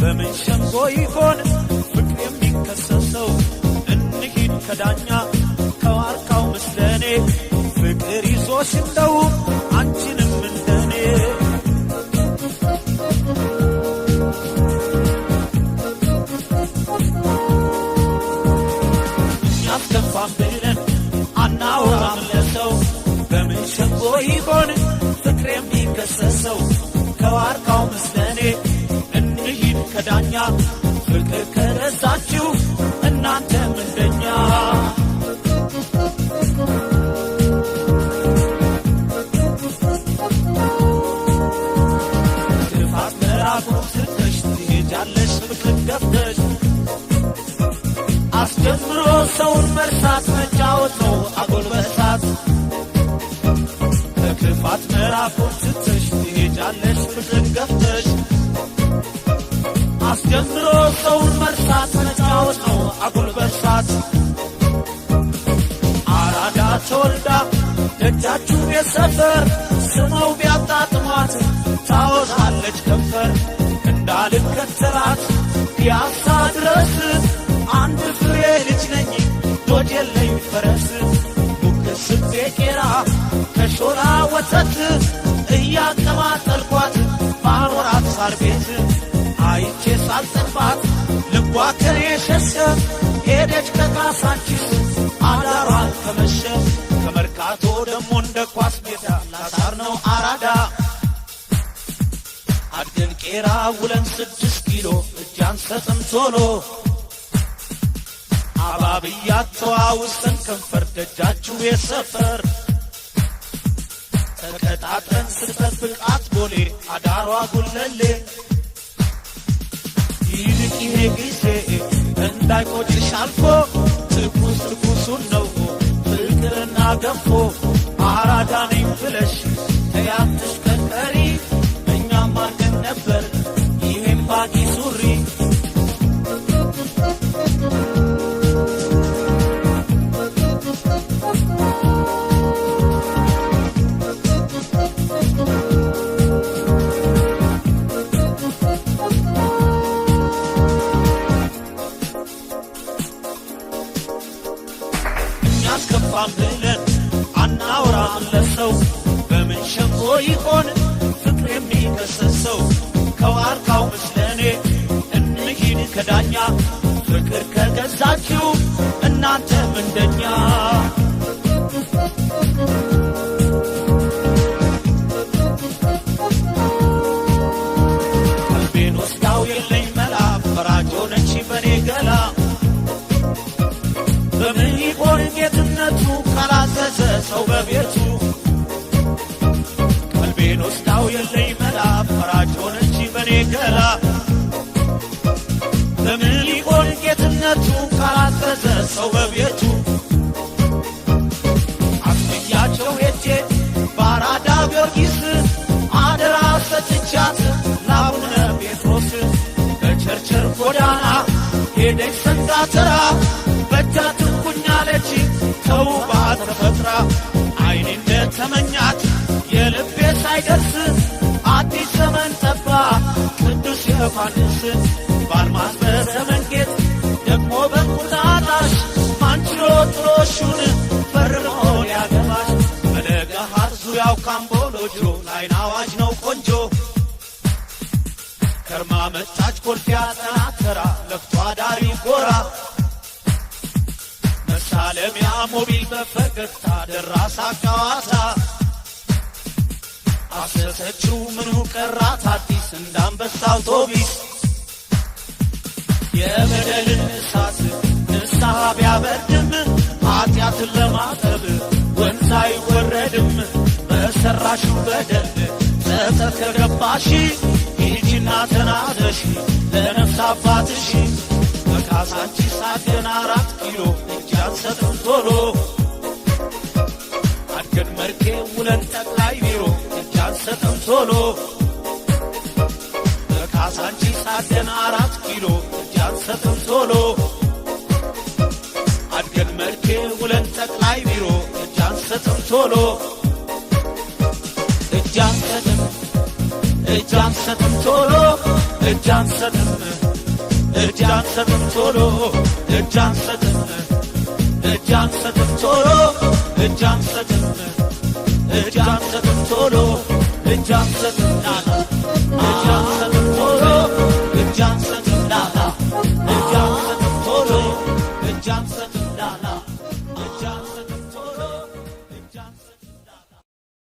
በምን ሸንጎ ይሆን ፍቅር የሚከሰሰው? እንሂድ ከዳኛ ከዋርካው ምስለኔ ፍቅር ይዞሽ እንደው አንቺንም እንደኔ እኛስ ከንፋም ብለን አናወራም ለሰው በምን ሸንጎ ይሆን ፍቅር የሚከሰሰው? ፍቅር ከረሳችሁ እናንተ ምንደኛ ጥፋት ምዕራፉን ስተሽ ትሄጃለሽ ፍቅር ገፍተሽ አስጀምሮ ሰውን መርሳት መጫወት ነው አጎል በእሳት ከክፋት ምዕራፉን ስተሽ ትሄጃለሽ ፍቅር ገፍተሽ ጀምሮ ሰውን መርሳት መጫወት ነው አራዳ ተወልዳ ደጃችሁ ቤት ሰፈር ስመው ቢያጣጥሟት ታወጣለች ከንፈር። እንዳልከተላት ፒያሳ ድረስ አንድ ፍሬ ልጅ ነኝ ፈረስ ዋከር የሸሸ ሄደች ከካሳችን አዳሯ ከመሸ ከመርካቶ ደግሞ እንደ ኳስ ሜዳ ላሳር ነው አራዳ አድገን ቄራ ውለን ስድስት ኪሎ እጃን ሰጥም ቶሎ አባብያተዋ ውስጠን ከንፈር ደጃችሁ የሰፈር ተቀጣጥረን ስጠብቃት ቦሌ አዳሯ ጉለሌ ገፎ አራዳ ነኝ ብለሽ ተያትሽ ቀንቀሪ so በእምነቱ ካላዘዘ ሰው በቤቱ አስብያቸው ሄጄ ባራዳ ጊዮርጊስ አደራ ሰጥቻት ለአቡነ ጴጥሮስ በቸርቸር ጎዳና ሄደች ሰንጋ ተራ በጃ አለች ተውባ ተፈጥራ አይኔ እንደተመኛት የልቤ ሳይደርስ አዲስ ዘመን ጠባ ቅዱስ ዮሐንስ ባልማዝ በዘመን ሹን ፈርሞ ሊያገባሽ በለገሃር ዙሪያው ካምቦሎጆ ላይን አዋጅ ነው ቆንጆ ከርማ መጣች ኮልፊያ ጠናተራ ለፍቶ አዳሪ ጎራ መሳለሚያ ሞቢል በፈገግታ ደራሳ ሐዋሳ አሰሰችው ምኑ ቀራት አዲስ እንዳንበሳ አውቶቢስ የበደልን እሳት ንስሐ ቢያበር ጣዖትን ለማጠብ ወንዝ አይወረድም በሰራሽው በደል ጸጸት ከገባሽ ሂጂና ተናዘሽ ለነፍስ አባትሽ በካዛንቺስ አገን አራት ኪሎ እጅ አንሰጥም ቶሎ አገን መርኬ ውለን ጠቅላ ቶሎ እጅ አንሰጥም ቶሎ እጅ አንሰጥም ቶሎ እጅ ቶሎ ቶሎ